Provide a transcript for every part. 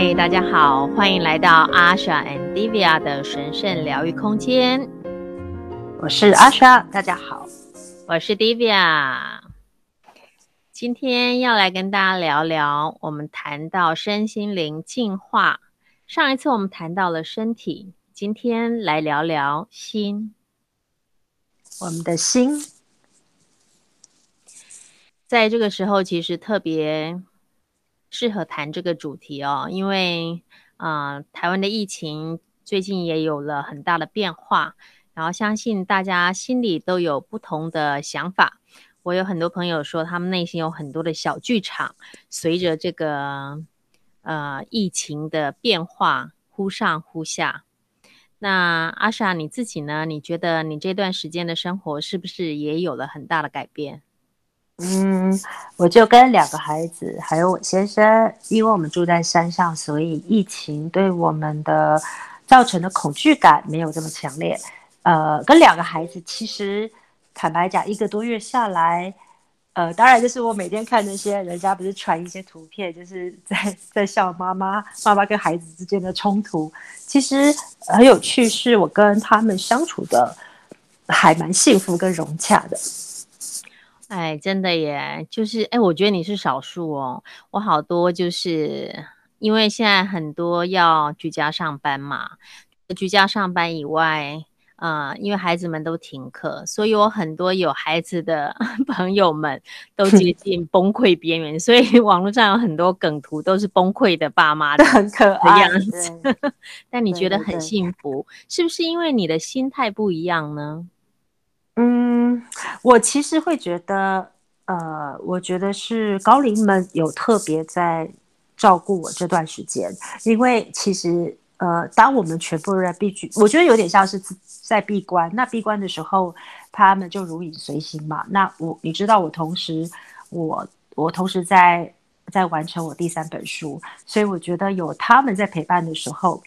嗨，大家好，歡迎來到阿莎 and Divya 的神聖療癒空間。我是阿莎，大家好，我是 Divya。今天要來跟大家聊聊，我們談到身心靈淨化。上一次我們談到了身體，今天來聊聊心。我們的心在這個時候其實特別適合談這個主題哦，因為啊、呃，台灣的疫情最近也有了很大的變化，然後相信大家心裡都有不同的想法。我有很多朋友說，他們內心有很多的小劇場，隨着這個呃疫情的變化忽上忽下。那阿莎你自己呢？你覺得你這段時間的生活是不是也有了很大的改變？嗯，我就跟兩個孩子還有我先生，因為我們住在山上，所以疫情對我們的造成的恐懼感沒有這麼強烈。呃，跟兩個孩子，其實坦白講，一個多月下來，呃，當然就是我每天看那些人家不是傳一些圖片，就是在在笑媽媽媽媽跟孩子之間的衝突，其實很有趣。是，我跟他們相處的還蠻幸福跟融洽的。哎，真的耶，就是哎，我覺得你是少數哦。我好多就是因為現在很多要居家上班嘛，居家上班以外，啊，因為孩子們都停課，所以我很多有孩子的朋友們都接近崩潰邊緣， 所以網絡上有很多梗圖都是崩潰的爸媽的很可愛的樣子。 但你覺得很幸福，對對對，是不是因為你的心態不一樣呢？嗯，我其實會覺得，呃，我覺得是高靈們有特別在照顧我這段時間，因為其實，呃，當我們全部人必須，我覺得有點像是在閉關。那閉關的時候，他們就如影隨形嘛。那我，你知道，我同時，我，我同時在在完成我第三本書，所以我覺得有他們在陪伴的時候，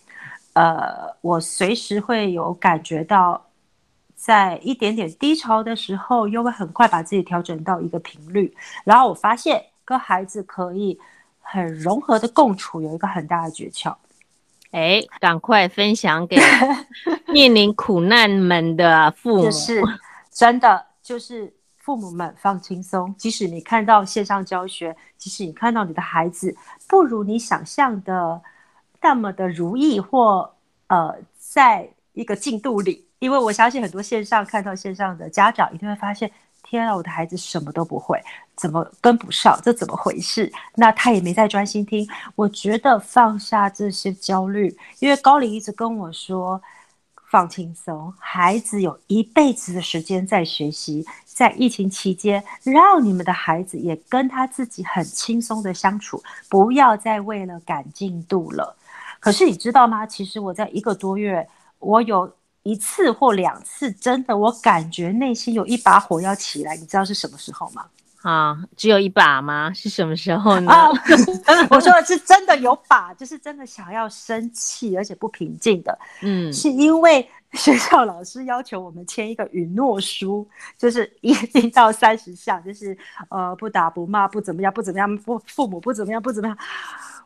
呃，我隨時會有感覺到。在一點點低潮的時候，又會很快把自己調整到一個頻率。然後我發現跟孩子可以很融合的共處，有一個很大的訣竅。哎、欸，趕快分享給面臨苦難們的父母， 就是、真的就是父母們放輕鬆。即使你看到線上教學，即使你看到你的孩子不如你想象的那麼的如意，或呃，在一個進度裡。因為我相信很多線上看到線上的家長一定會發現，天啊，我的孩子什麼都不會，怎麼跟不上？這怎麼回事？那他也沒在專心聽。我覺得放下這些焦慮，因為高靈一直跟我說放輕鬆，孩子有一輩子的時間在學習，在疫情期間，讓你們的孩子也跟他自己很輕鬆的相處，不要再為了趕進度了。可是你知道嗎？其實我在一個多月，我有。一次或兩次，真的，我感覺內心有一把火要起來，你知道是什麼時候嗎？啊，只有一把嗎？是什麼時候呢？啊， 我說的是真的有把，就是真的想要生氣，而且不平靜的。嗯，是因為學校老師要求我們簽一個允諾書，就是一，一到三十項，就是呃，不打不罵，不怎麼樣，不怎麼樣，不父母不怎麼樣，不怎麼樣。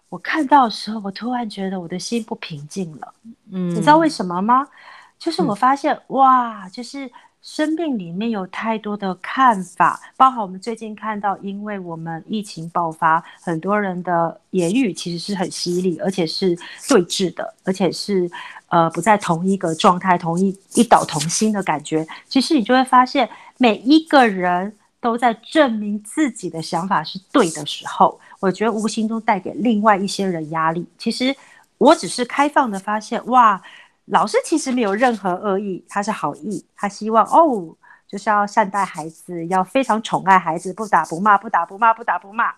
我看到的時候，我突然覺得我的心不平靜了。嗯，你知道為什麼嗎？就是我發現，嗯、哇，就是生命裡面有太多的看法，包括我們最近看到，因為我們疫情爆發，很多人的言語其實是很犀利，而且是對峙的，而且是，呃，不在同一個狀態、同一一島、同心的感覺。其實你就會發現，每一個人都在證明自己的想法是對的時候，我覺得無形中帶給另外一些人壓力。其實我只是開放的發現，哇。老師其實沒有任何惡意，他是好意，他希望哦，就是要善待孩子，要非常寵愛孩子，不打不罵，不打不罵，不打不罵。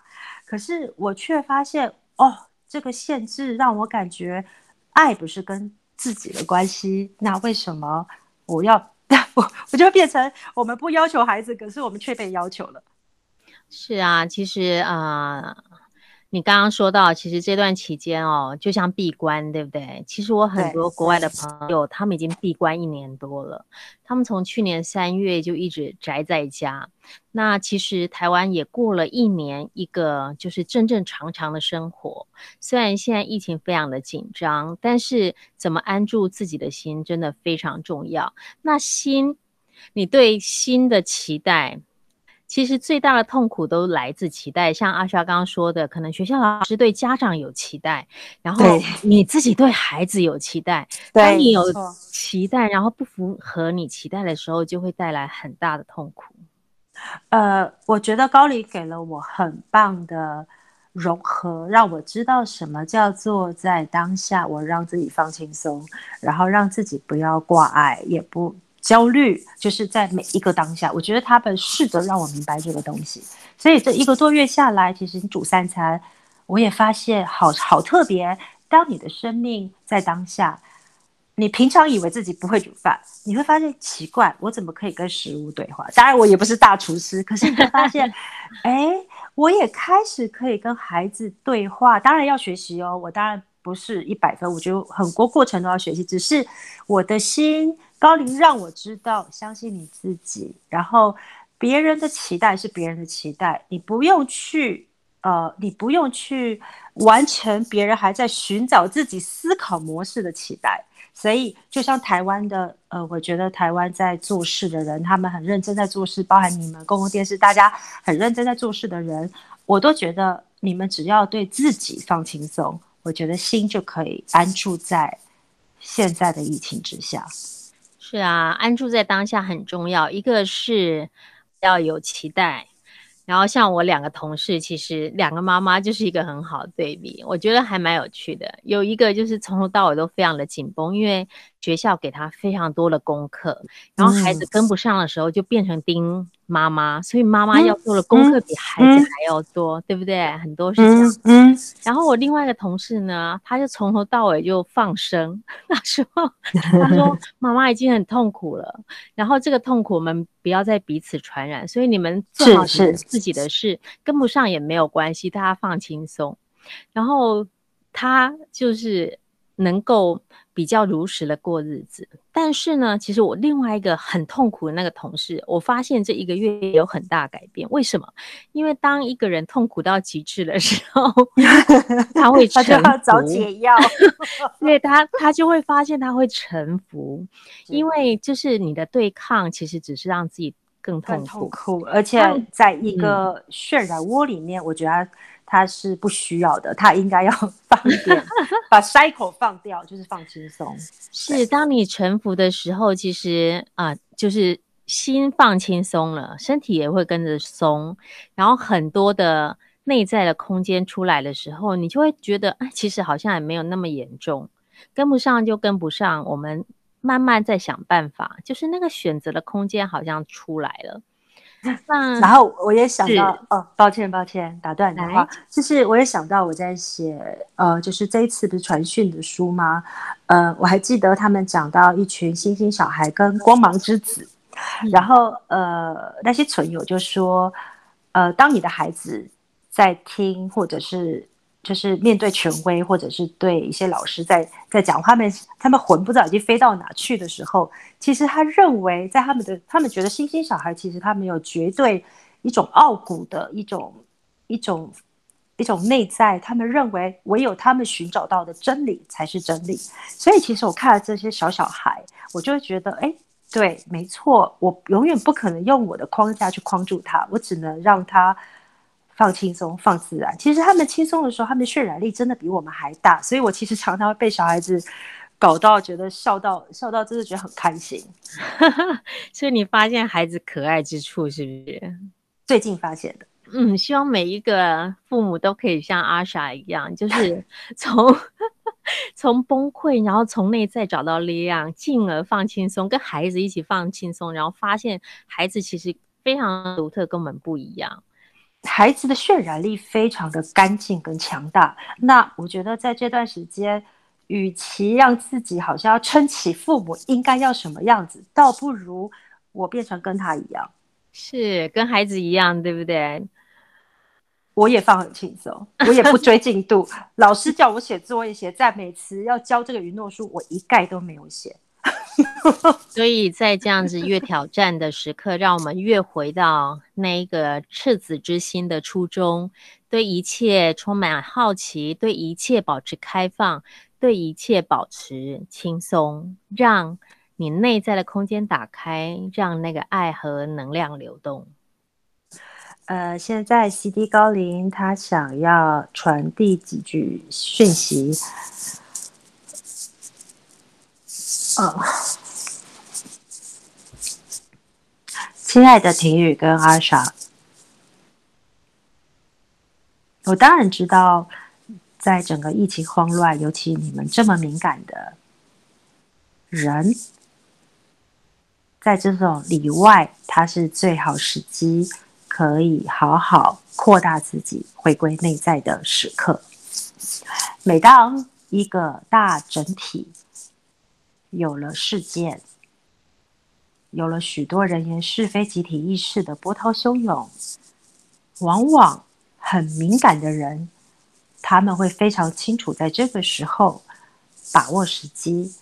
可是我卻發現哦，這個限制讓我感覺愛不是跟自己的關係，那為什麼我要我我就變成我們不要求孩子，可是我們卻被要求了。是啊，其實啊。呃你剛剛說到，其實這段期間哦，就像閉關，對不對？其實我很多國外的朋友，對他們已經閉關一年多了，他們從去年三月就一直宅在家。那其實台灣也過了一年一個就是正正常常的生活，雖然現在疫情非常的緊張，但是怎麼安住自己的心真的非常重要。那心，你對心的期待？其實最大的痛苦都來自期待，像阿莎剛剛說的，可能學校老師對家長有期待，然後你自己對孩子有期待，當對你有期待，對然後不符合你期待的時候，對就會帶來很大的痛苦。呃，我覺得高靈給了我很棒的融合，讓我知道什麼叫做在當下，我讓自己放輕鬆，然後讓自己不要掛礙，也不。焦慮就是在每一個當下，我覺得他們試着讓我明白這個東西。所以這一個多月下來，其實你煮三餐，我也發現好好特別。當你的生命在當下，你平常以為自己不會煮飯，你會發現奇怪，我怎麼可以跟食物對話？當然我也不是大廚師， 可是你會發現，哎，我也開始可以跟孩子對話。當然要學習哦，我當然。不是一百分，我覺得很多過程都要學習。只是我的心高靈讓我知道，相信你自己。然後別人的期待是別人的期待，你不用去呃，你不用去完成別人還在尋找自己思考模式的期待。所以，就像台灣的呃，我覺得台灣在做事的人，他們很認真在做事，包含你們公共電視，大家很認真在做事的人，我都覺得你們只要對自己放輕鬆。我覺得心就可以安住在現在的疫情之下。是啊，安住在當下很重要。一個是要有期待，然後像我兩個同事，其實兩個媽媽就是一個很好的對比，我覺得還蠻有趣的。有一個就是從頭到尾都非常的緊繃，因為。學校給他非常多的功課，然後孩子跟不上的時候就變成盯媽媽，嗯、所以媽媽要做的功課比孩子還要多，嗯嗯、對不對？很多事情、嗯。嗯，然後我另外一個同事呢，他就從頭到尾就放生，那時候：“他說媽媽已經很痛苦了， 然後這個痛苦我們不要再彼此傳染，所以你們做好你們自己的事，是是跟不上也沒有關係，大家放輕鬆。”然後他就是能夠。比較如實的過日子，但是呢，其實我另外一個很痛苦的那個同事，我發現這一個月也有很大改變。為什麼？因為當一個人痛苦到極致的時候， 他會 他就要找解藥， 因為他他就會發現他會臣服，是因為就是你的對抗其實只是讓自己更痛苦，痛苦而且在一個漩渦裡面，嗯、我覺得。他是不需要的，他應該要放一點， 把塞口放掉，就是放輕鬆。 是，當你臣服的時候，其實啊、呃，就是心放輕鬆了，身體也會跟着鬆，然後很多的內在的空間出來的時候，你就會覺得，啊、呃，其實好像也沒有那麼嚴重，跟不上就跟不上，我們慢慢再想辦法，就是那個選擇的空間好像出來了。嗯、然後我也想到是哦，抱歉抱歉，打斷你的話，就是來我也想到我在寫呃，就是這一次的傳訊的書嘛、呃，我還記得他們講到一群星星小孩跟光芒之子，嗯、然後呃那些存有就說，呃，當你的孩子在聽或者是。就是面對權威，或者是對一些老師在在講話，他們他們魂不知道已經飛到哪去的時候，其實他認為在他們的他們覺得，星星小孩其實他們有絕對一種傲骨的一種一種一種內在，他們認為唯有他們尋找到的真理才是真理。所以其實我看了這些小小孩，我就會覺得，哎，對，沒錯，我永遠不可能用我的框架去框住他，我只能讓他。放輕鬆，放自然。其實他們輕鬆的時候，他們的渲染力真的比我們還大。所以我其實常常會被小孩子搞到覺得笑到笑到，真的覺得很開心。 所以你發現孩子可愛之處是不是？最近發現的。嗯，希望每一個父母都可以像 Asha 一樣，就是從從 崩潰，然後從內在找到力量，進而放輕鬆，跟孩子一起放輕鬆，然後發現孩子其實非常獨特，跟我們不一樣。孩子的渲染力非常的乾淨跟強大，那我覺得在這段時間，與其讓自己好像要撐起父母應該要什麼樣子，倒不如我變成跟他一樣，是跟孩子一樣，對不對？我也放很輕鬆，我也不追進度。 老師叫我寫作業、寫讚美詞、要教這個雲諾書，我一概都沒有寫。 所以，在這樣子越挑戰的時刻，讓我們越回到那一個赤子之心的初衷，對一切充滿好奇，對一切保持開放，對一切保持輕鬆，讓你內在的空間打開，讓那個愛和能量流動。呃，現在西迪高靈他想要傳遞幾句訊息。嗯，親愛的婷雨跟阿莎，我當然知道，在整個疫情慌亂，尤其你們這麼敏感的人，在這種裡外，它是最好時機，可以好好擴大自己，回歸內在的時刻。每當一個大整體。有了事件，有了許多人言是非集體意識的波濤洶湧，往往很敏感的人，他們會非常清楚，在這個時候把握時機，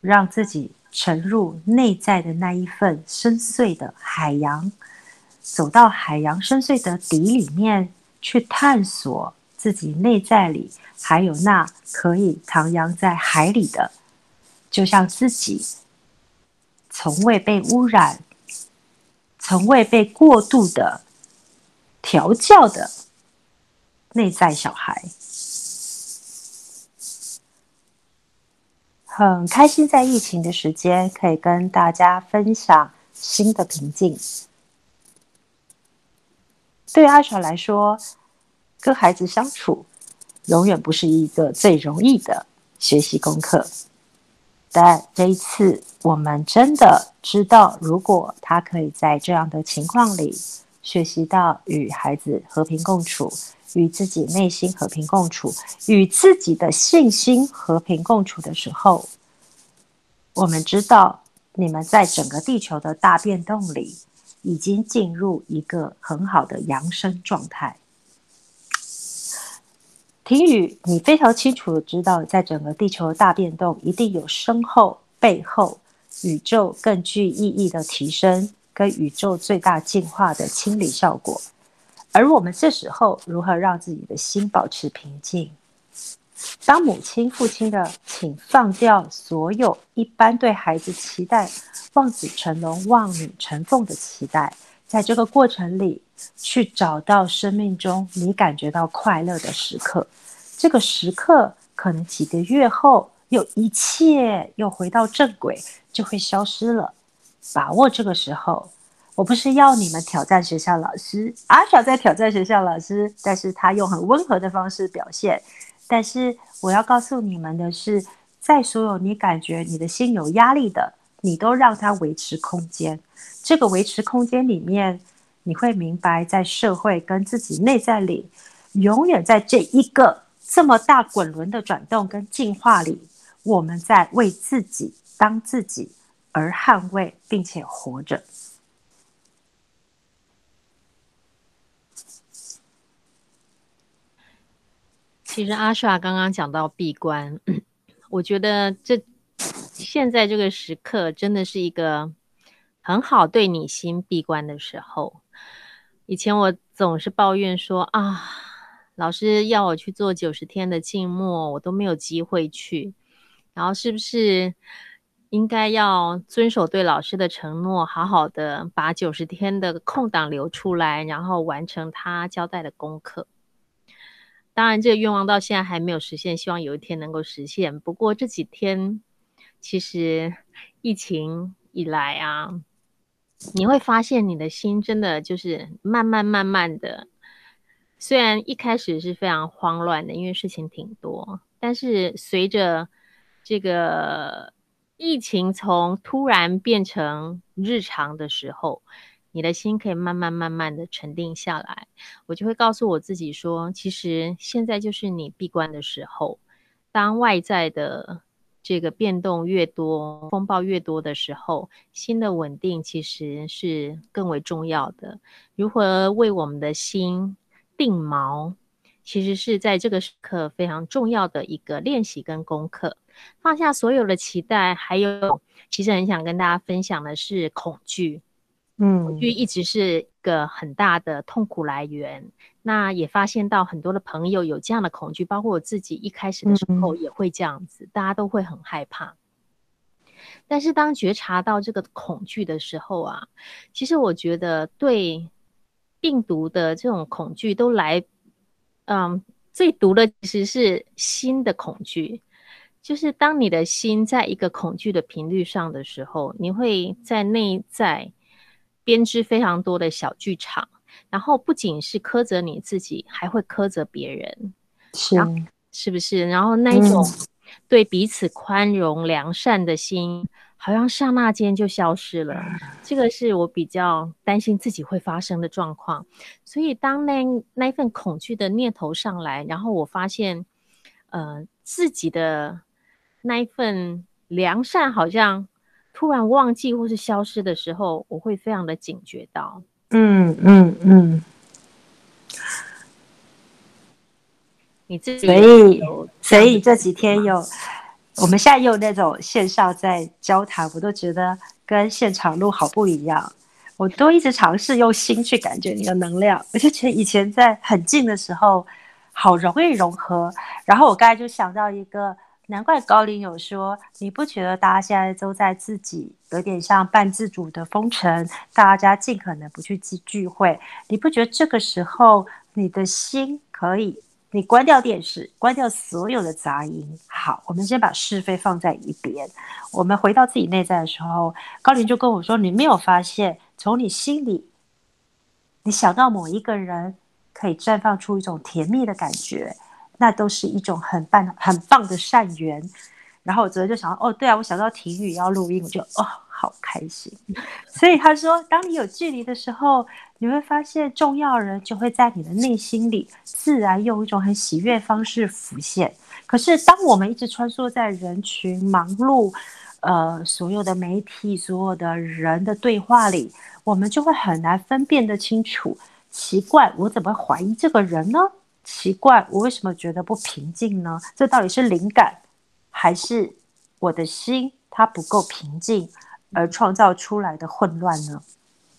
讓自己沉入內在的那一份深邃的海洋，走到海洋深邃的底裡面去探索自己內在裡還有那可以徜徉在海裡的。就像自己從未被污染，從未被過度的調教的內在小孩，很開心在疫情的時間可以跟大家分享心的平靜。對 Asha 來說，跟孩子相處永遠不是一個最容易的學習功課。但這一次，我們真的知道，如果他可以在這樣的情況裡學習到與孩子和平共處、與自己內心和平共處、與自己的信心和平共處的時候，我們知道你們在整個地球的大變動裡已經進入一個很好的揚升狀態。平宇，你非常清楚地知道，在整個地球的大變動，一定有深厚背後宇宙更具意義的提升，跟宇宙最大進化的清理效果。而我們這時候如何讓自己的心保持平靜？當母親、父親的，請放掉所有一般對孩子期待，望子成龍、望女成鳳的期待。在這個過程裡，去找到生命中你感覺到快樂的時刻。這個時刻可能幾個月後，又一切又回到正軌，就會消失了。把握這個時候，我不是要你們挑戰學校老師，阿小在挑戰學校老師，但是他用很溫和的方式表現。但是我要告訴你們的是，在所有你感覺你的心有壓力的，你都讓他維持空間。這個維持空間裡面，你會明白，在社會跟自己內在裡，永遠在這一個這麼大滾輪的轉動跟進化裡，我們在為自己當自己而捍衛，並且活着。其實阿莎剛剛講到閉關，我覺得這現在這個時刻真的是一個。很好，對你心閉關的時候，以前我總是抱怨說啊，老師要我去做九十天的靜默，我都沒有機會去。然後是不是應該要遵守對老師的承諾，好好的把九十天的空檔留出來，然後完成他交代的功課？當然，這個願望到現在還沒有實現，希望有一天能夠實現。不過這幾天其實疫情以來啊。你會發現，你的心真的就是慢慢慢慢的。雖然一開始是非常慌亂的，因為事情挺多，但是隨着這個疫情從突然變成日常的時候，你的心可以慢慢慢慢的沉澱下來。我就會告訴我自己說，其實現在就是你閉關的時候，當外在的。這個變動越多，風暴越多的時候，心的穩定其實是更為重要的。如何為我們的心定錨，其實是在這個時刻非常重要的一個練習跟功課。放下所有的期待，還有，其實很想跟大家分享的是恐懼，嗯，恐懼一直是個很大的痛苦來源，那也發現到很多的朋友有這樣的恐懼，包括我自己一開始的時候也會這樣子，嗯、大家都會很害怕。但是當覺察到這個恐懼的時候啊，其實我覺得對病毒的這種恐懼都來，嗯，最毒的其實是心的恐懼，就是當你的心在一個恐懼的頻率上的時候，你會在內在。編織非常多的小劇場，然後不僅是苛責你自己，還會苛責別人，是是不是？然後那一種對彼此寬容、良善的心，嗯、好像剎那間就消失了。這個是我比較擔心自己會發生的狀況。所以當那那一份恐懼的念頭上來，然後我發現，呃，自己的那一份良善好像。突然忘記或是消失的時候，我會非常的警覺到。嗯嗯嗯，嗯嗯你自己，所以所以這幾天有，我們現在有那種線上在交談，我都覺得跟現場錄好不一樣。我都一直嘗試用心去感覺你的能量，我就覺得以前在很近的時候好容易融合。然後我剛才就想到一個。難怪高靈有說，你不覺得大家現在都在自己有點像半自主的封城，大家盡可能不去聚聚會？你不覺得這個時候你的心可以，你關掉電視，關掉所有的雜音，好，我們先把是非放在一邊，我們回到自己內在的時候，高靈就跟我說，你沒有發現從你心裡，你想到某一個人，可以綻放出一種甜蜜的感覺。那都是一種很棒、很棒的善緣。然後我昨天就想哦，對啊，我想到體育要錄音，我就哦，好開心。 所以他說，當你有距離的時候，你會發現重要人就會在你的內心裡，自然用一種很喜悅方式浮現。可是，當我們一直穿梭在人群、忙碌，呃，所有的媒體、所有的人的對話裡，我們就會很難分辨得清楚。奇怪，我怎麼會懷疑這個人呢？奇怪，我為什麼覺得不平靜呢？這到底是靈感，還是我的心它不夠平靜而創造出來的混亂呢？嗯。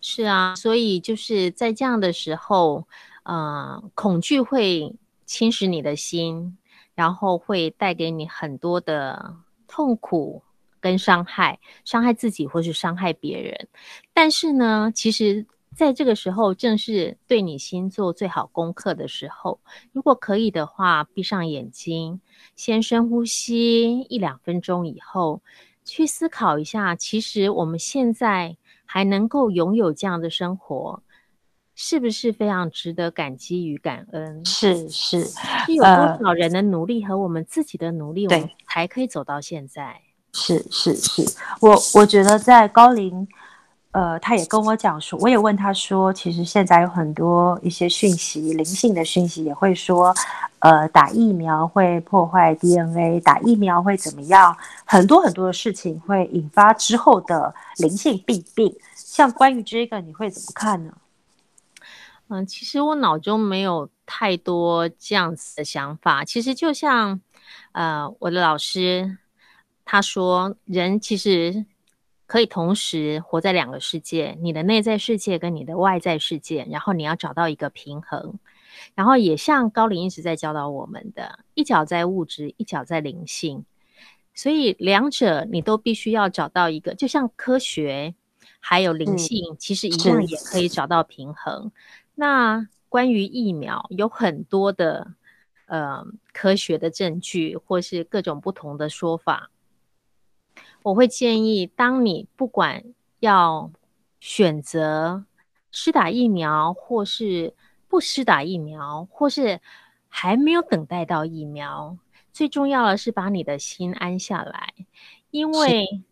是啊，所以就是在這樣的時候，呃，恐懼會侵蝕你的心，然後會帶給你很多的痛苦跟傷害，傷害自己或是傷害別人。但是呢，其實。在這個時候，正是對你心做最好功課的時候。如果可以的話，閉上眼睛，先深呼吸一兩分鐘，以後去思考一下，其實我們現在還能夠擁有這樣的生活，是不是非常值得感激與感恩？是是，是有多少人的努力和我們自己的努力、呃，我們才可以走到現在？是是是，是，我我覺得在高靈。呃，他也跟我講說，我也問他說，其實現在有很多一些訊息，靈性的訊息也會說，呃，打疫苗會破壞 DNA，打疫苗會怎麼樣？很多很多的事情會引發之後的靈性弊病。像關於這個，你會怎麼看呢？嗯，其實我腦中沒有太多這樣子的想法。其實就像，呃，我的老師，他說，人其實，可以同時活在兩個世界，你的內在世界跟你的外在世界，然後你要找到一個平衡，然後也像高靈一直在教導我們的，一腳在物質，一腳在靈性，所以兩者你都必須要找到一個，就像科學還有靈性，嗯、其實一樣也可以找到平衡。是那關於疫苗，有很多的呃科學的證據，或是各種不同的說法。我會建議，當你不管要選擇施打疫苗，或是不施打疫苗，或是還沒有等待到疫苗，最重要的是把你的心安下來，因為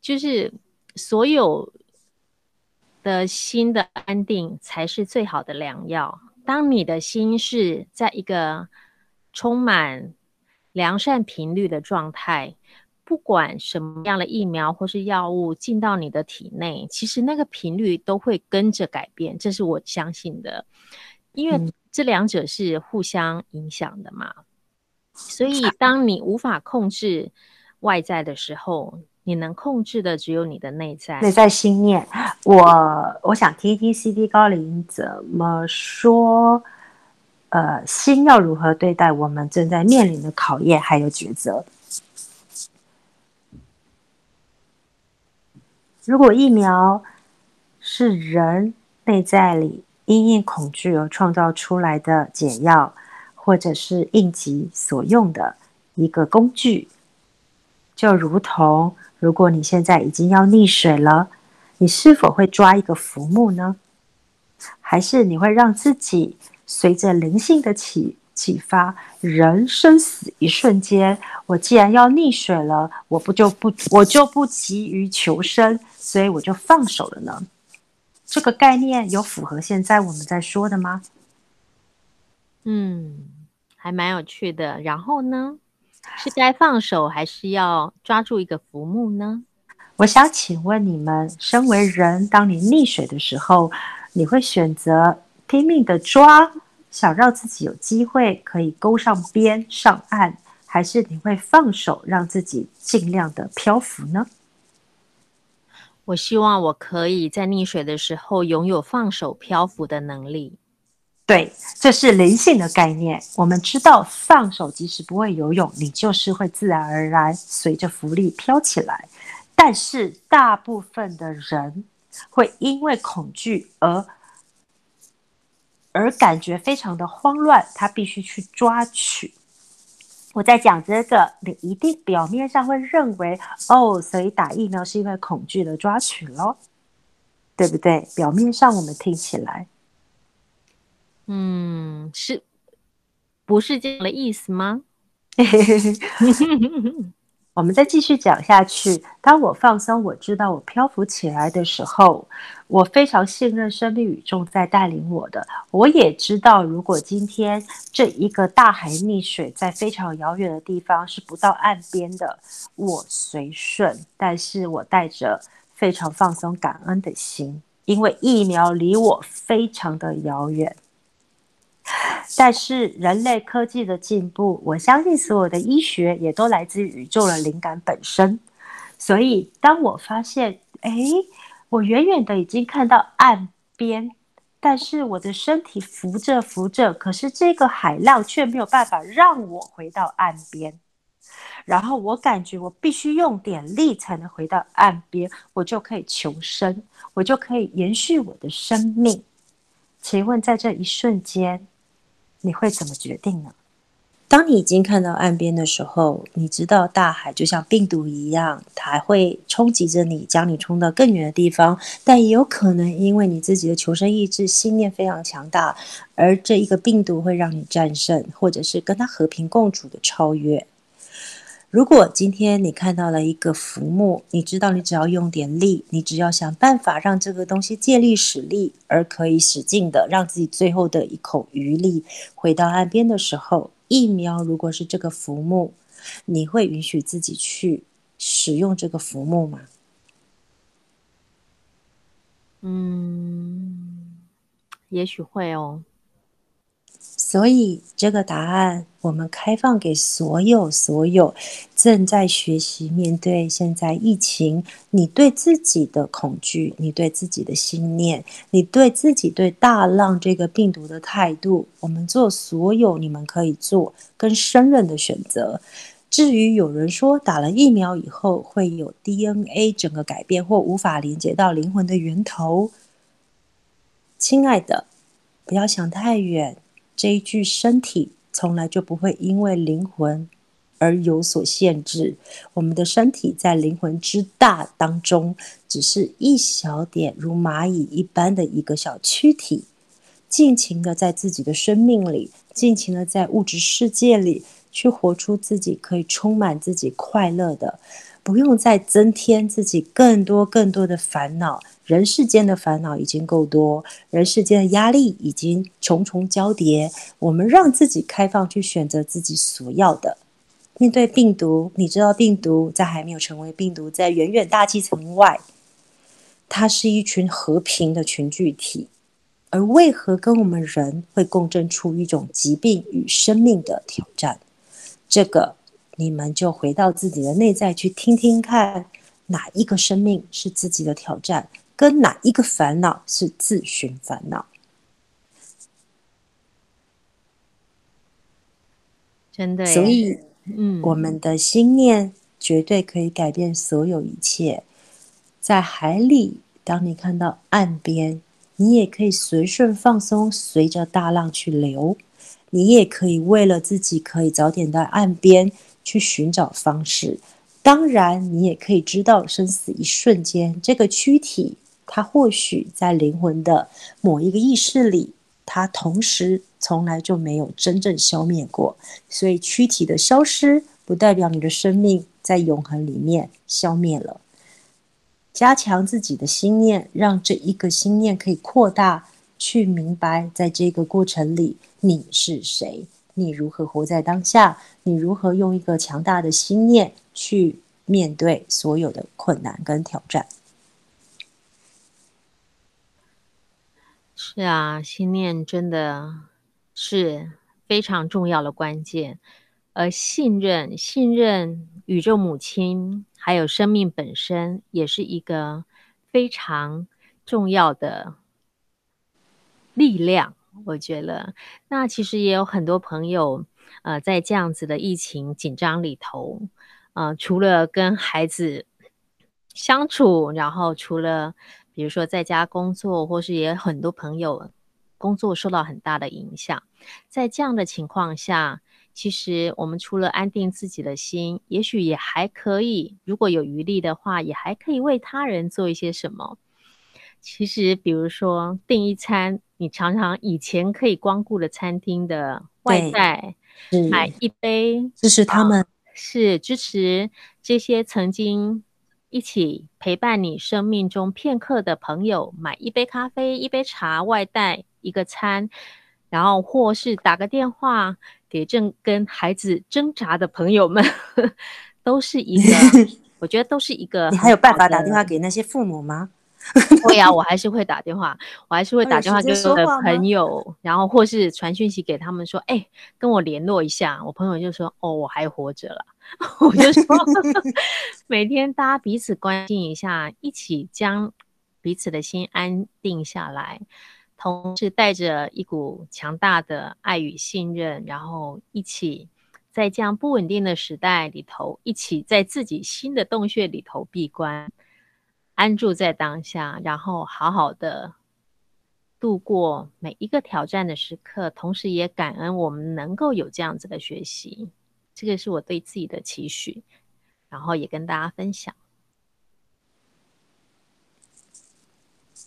就是所有的心的安定才是最好的良藥。當你的心是在一個充滿良善頻率的狀態，不管什麼樣的疫苗或是藥物進到你的體內，其實那個頻率都會跟着改變，這是我相信的，因為這兩者是互相影響的嘛。所以當你無法控制外在的時候，你能控制的只有你的內在，內在心念。我我想聽一聽 CD 高靈怎麼說，呃，心要如何對待我們正在面臨的考驗還有抉擇。如果疫苗是人內在裡因應恐懼而創造出來的解藥，或者是應急所用的一個工具，就如同如果你現在已經要溺水了，你是否會抓一個浮木呢？還是你會讓自己隨着靈性的起，啟發人生死一瞬間，我既然要溺水了，我不就不我就不急於求生，所以我就放手了呢。這個概念有符合現在我們在說的嗎？嗯，還蠻有趣的。然後呢，是該放手還是要抓住一個浮木呢？我想請問你們，身為人，當你溺水的時候，你會選擇拼命的抓，想讓自己有機會可以勾上邊上岸，還是你會放手讓自己盡量的漂浮呢？我希望我可以在溺水的時候擁有放手漂浮的能力。對，這是靈性的概念。我們知道，放手即使不會游泳，你就是會自然而然隨着浮力飄起來。但是大部分的人會因為恐懼而。而感覺非常的慌亂，他必須去抓取。我在講這個，你一定表面上會認為，哦，所以打疫苗是因為恐懼的抓取咯，對不對？表面上我們聽起來，嗯，是不是這樣的意思嗎？ 我們再繼續講下去。當我放鬆，我知道我漂浮起來的時候，我非常信任生命宇宙在帶領我的。我也知道，如果今天這一個大海溺水在非常遙遠的地方是不到岸邊的，我隨順，但是我帶着非常放鬆感恩的心，因為疫苗離我非常的遙遠。但是人類科技的進步，我相信所有的醫學也都來自宇宙的靈感本身。所以，當我發現，誒、欸，我遠遠的已經看到岸邊，但是我的身體浮着浮着，可是這個海浪卻沒有辦法讓我回到岸邊。然後我感覺我必須用點力才能回到岸邊，我就可以求生，我就可以延續我的生命。請問，在這一瞬間，你會怎麼決定呢？當你已經看到岸邊的時候，你知道大海就像病毒一樣，它還會衝擊着你，將你衝到更遠的地方。但也有可能，因為你自己的求生意志、信念非常強大，而這一個病毒會讓你戰勝，或者是跟它和平共處的超越。如果今天你看到了一個浮木，你知道你只要用點力，你只要想辦法讓這個東西借力使力，而可以使勁的讓自己最後的一口餘力回到岸邊的時候，疫苗如果是這個浮木，你會允許自己去使用這個浮木嗎？嗯，也許會哦。所以這個答案，我們開放給所有所有正在學習面對現在疫情，你對自己的恐懼，你對自己的信念，你對自己對大浪這個病毒的態度，我們做所有你們可以做跟勝任的選擇。至於有人說打了疫苗以後會有 DNA 整個改變或無法連接到靈魂的源頭，親愛的，不要想太遠。這一具身體從來就不會因為靈魂而有所限制。我們的身體在靈魂之大當中，只是一小點，如螞蟻一般的一個小軀體，盡情的在自己的生命裡，盡情的在物質世界裡，去活出自己可以充滿自己快樂的。不用再增添自己更多更多的煩惱，人世間的煩惱已經夠多，人世間的壓力已經重重交疊。我們讓自己開放去選擇自己所要的。面對病毒，你知道病毒在還沒有成為病毒，在遠遠大氣層外，它是一群和平的群聚體，而為何跟我們人會共振出一種疾病與生命的挑戰？這個。你們就回到自己的內在去聽聽看，哪一個生命是自己的挑戰，跟哪一個煩惱是自尋煩惱？真的，所以，嗯，我們的心念絕對可以改變所有一切。在海裡，當你看到岸邊，你也可以隨順放鬆，隨着大浪去流；你也可以為了自己，可以早點到岸邊。去尋找方式，當然，你也可以知道，生死一瞬間，這個軀體，它或許在靈魂的某一個意識裡，它同時從來就沒有真正消滅過，所以軀體的消失，不代表你的生命在永恆裡面消滅了。加強自己的心念，讓這一個心念可以擴大，去明白，在這個過程裡你是誰。你如何活在當下？你如何用一個強大的心念去面對所有的困難跟挑戰？是啊，心念真的是非常重要的關鍵，而信任、信任宇宙母親，還有生命本身，也是一個非常重要的力量。我覺得，那其實也有很多朋友，呃，在這樣子的疫情緊張裡頭，呃，除了跟孩子相處，然後除了比如說在家工作，或是也很多朋友工作受到很大的影響，在這樣的情況下，其實我們除了安定自己的心，也許也還可以，如果有餘力的話，也還可以為他人做一些什麼。其實，比如說訂一餐。你常常以前可以光顧的餐廳的外帶，買一杯，這是他們，啊、是支持這些曾經一起陪伴你生命中片刻的朋友，買一杯咖啡、一杯茶、外帶一個餐，然後或是打個電話給正跟孩子掙扎的朋友們，呵呵都是一個， 我覺得都是一個。你還有辦法打電話給那些父母嗎？ 會呀、啊，我還是會打電話，我還是會打電話，給我的朋友，哦、然後或是傳訊息給他們說，哎、欸，跟我聯絡一下。我朋友就說，哦，我還活着了。 我就說， 每天大家彼此關心一下，一起將彼此的心安定下來，同時帶着一股強大的愛與信任，然後一起在這樣不穩定的時代裡頭，一起在自己新的洞穴裡頭閉關。安住在當下，然後好好的度過每一個挑戰的時刻，同時也感恩我們能夠有這樣子的學習。這個是我對自己的期許，然後也跟大家分享。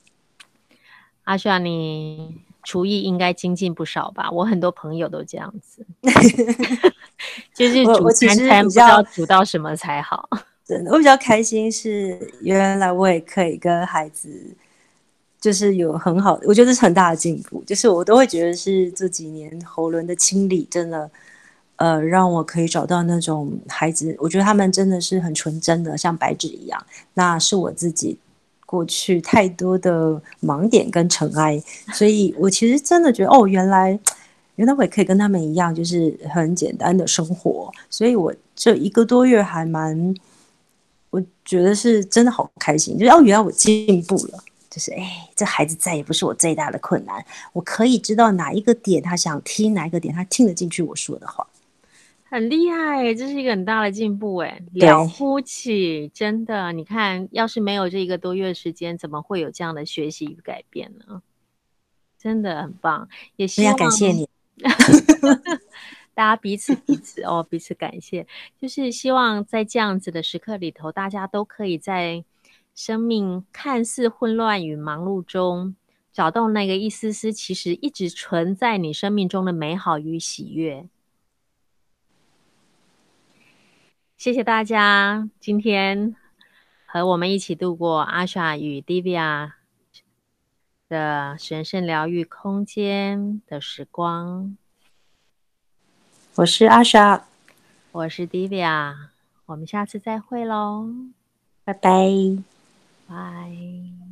阿夏，你廚藝應該精進不少吧？我很多朋友都這樣子， 就是煮其實不知道煮到什麼才好。 真的，我比較開心是，原來我也可以跟孩子，就是有很好的，我覺得這是很大的進步。就是我都會覺得是這幾年喉輪的清理，真的，呃，讓我可以找到那種孩子，我覺得他們真的是很純真的，像白紙一樣。那是我自己過去太多的盲點跟塵埃，所以我其實真的覺得，哦，原來原來我也可以跟他們一樣，就是很簡單的生活。所以我這一個多月還蠻。覺得是真的好開心，就是哦，原來我進步了，就是哎，這孩子再也不是我最大的困難，我可以知道哪一個點他想聽，哪一個點他聽得進去我說的話，很厲害，欸，這是一個很大的進步哎，欸，了不起，真的，你看，要是沒有這一個多月時間，怎麼會有這樣的學習與改變呢？真的很棒，也謝謝、啊、感謝你。 大家彼此彼此 哦，彼此感謝。就是希望在這樣子的時刻裡頭，大家都可以在生命看似混亂與忙碌中，找到那個一絲絲其實一直存在你生命中的美好與喜悅。謝謝大家，今天和我們一起度過 Asha 與 Divya 的神聖療癒空間的時光。我是阿莎，我是迪迪 v 我們下次再會嘍，拜拜拜。